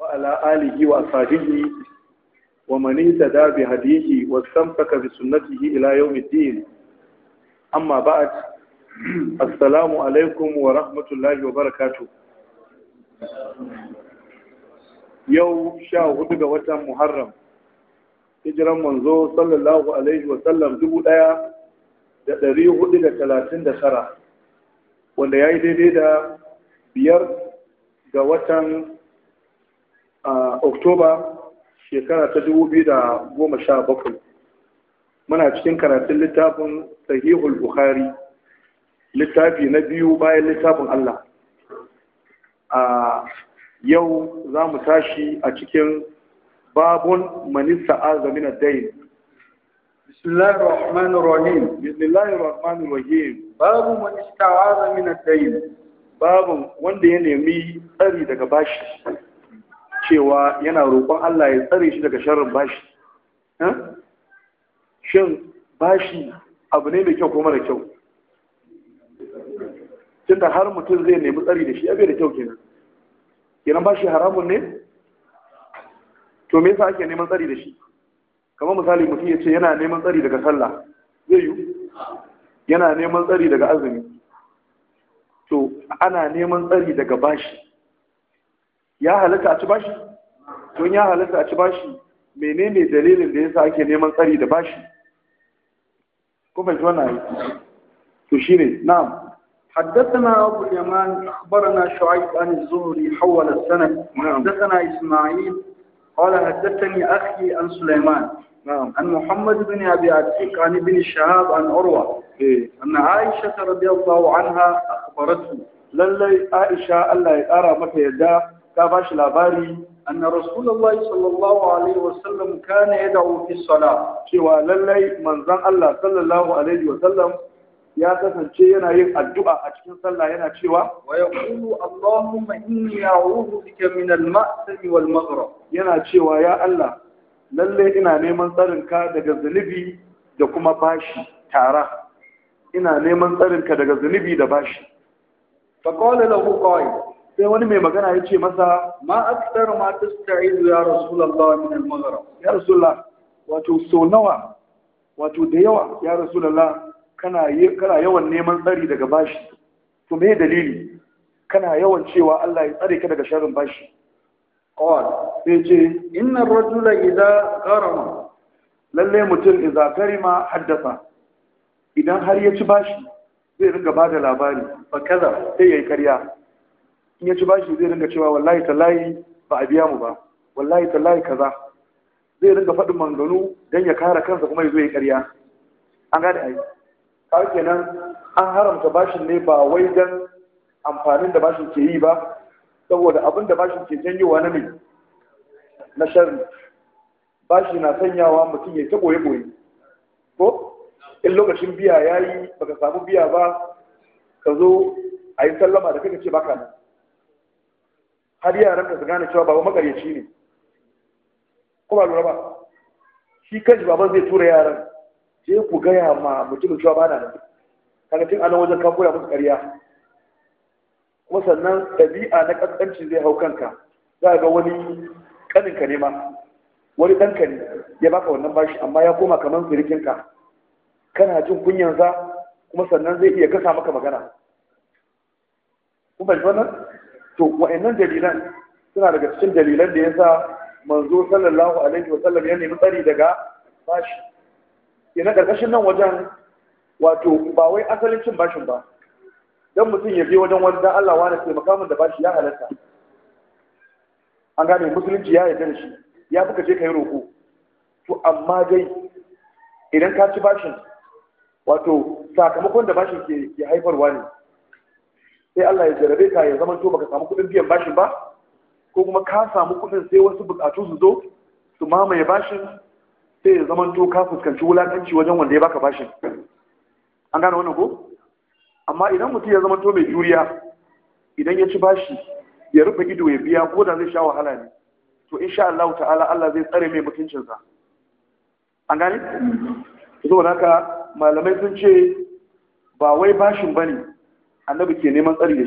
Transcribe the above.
وعلى آله وأصحابه ومن اهتدى بهديه واستمسك بسنته إلى يوم الدين أما بعد السلام عليكم ورحمة الله وبركاته يوم شاء غدق وتم محرم hijiran manzo صلى الله عليه وسلم dubu ɗaya da 439 hudu da talatin wanda ya yi daidai da biyar ga watan oktoba shekara ta dubu biyu da goma sha bakwai muna cikin karatun littafin sahihul bukhari littafi na biyu bayan littafin allah a yau za mu tashi a cikin babun manisa azamin dain بسم الله الرحمن الرحيم بسم الله الرحمن الرحيم باب من استعاذ من الدين babin wanda ya nemi tsari daga bashi cewa yana roƙon Allah ya tsare shi daga sharrin bashi shin bashi abu ne mai kyau ko mara kyau tunda har mutum zai nemi tsari da shi abai da kyau kenan kenan bashi haramun ne to me yasa ake neman tsari da shi kamar misali mutum ya ce yana neman tsari daga sallah zai yi yana neman tsari daga azumi to ana neman tsari daga bashi ya halatta a ci bashi don ya halatta a ci bashi menene dalilin da yasa ake neman tsari da bashi ko fahimci wannan to ne. na'am حدثنا أبو اليمان أخبرنا شعيب عن الزهري حول السند حدثنا إسماعيل قال حدثني أخي عن سليمان عن محمد بن أبي عتيق عن ابن الشهاب عن عروة eh anna aisha radiyallahu anha akhbaratu lallai aisha Allah ya kara mata yadda ta ba shi labari anna rasulullahi sallallahu alaihi wasallam kana yad'u fi salat cewa lallai manzon Allah sallallahu alaihi wasallam ya kasance yana yin addu'a a cikin sallah yana cewa wa yaqulu allahumma inni a'udhu bika min al-ma'sam wal yana cewa ya Allah lallai ina neman tsarin ka daga zunubi da kuma bashi tara ina neman tsarinka daga zunubi da bashi fa qala lahu qai sai wani mai magana ya ce masa ma aktar ma tasta'izu ya rasulullah min al-maghrib ya rasulullah wato so nawa wato da yawa ya rasulullah kana kana yawan neman tsari daga bashi to me dalili kana yawan cewa Allah ya tsare ka daga sharrin bashi qala sai ce inna ar-rajula idza gharama lalle mutum idza karima haddatha idan har ya ci bashi zai ringa ba da labari ba kaza sai ya yi karya in ya ci bashi zai ringa cewa wallahi tallahi ba a biya mu ba wallahi tallahi kaza zai ringa faɗin manganu don ya kare kansa kuma ya zo ya karya an gane ai kawai kenan an haramta bashin ne ba wai don amfanin da bashin ke yi ba saboda abin da bashin ke janyowa na ne, na sharri bashi na sanyawa mutum ya ta ɓoye-ɓoye ko in lokacin biya ya yi baka samu biya ba ka zo a yi sallama da kaka ce baka nan har yaran ka su gane cewa baba makaryaci ne kuma lura ba shi kanshi baban zai tura yaran je ku gaya ma mutumin cewa bana nan kaga tun anan wajen ka koya musu ƙarya kuma sannan ɗabi'a na ƙasƙanci zai hau kanka za ga wani ƙaninka ne ma wani ɗanka ne ya baka wannan bashi amma ya koma kamar sirikinka kana jin kunyansa kuma sannan zai iya kasa maka magana kuma nan, to wa'annan dalilan suna daga cikin dalilan da yasa manzo sallallahu alaihi wa sallam ya nemi tsari daga bashi ina karkashin nan wajen wato ba wai asalin cin bashin ba dan mutum ya je wajen wani dan Allah wani taimaka min da bashi ya halatta an gane musulunci ya yarda da shi ya fuka je kai roko to amma dai idan ka ci bashin wato sakamakon da bashin ke ke haifarwa ne sai Allah ya jarabe ka ya zamanto baka samu kuɗin biyan bashin ba ko kuma ka samu kuɗin sai wasu buƙatu su zo su mamaye bashin sai ya zamanto ka fuskanci wulakanci wajen wanda ya baka bashin an gane wannan ko amma idan mutum ya zamanto mai juriya idan ya ci bashi ya rufe ido ya biya ko da zai sha wahala ne to insha Allah ta'ala Allah zai tsare mai mutuncinsa an gane? na mm-hmm. ka? malamai sun ce ba wai bashin bane annabi ke neman tsari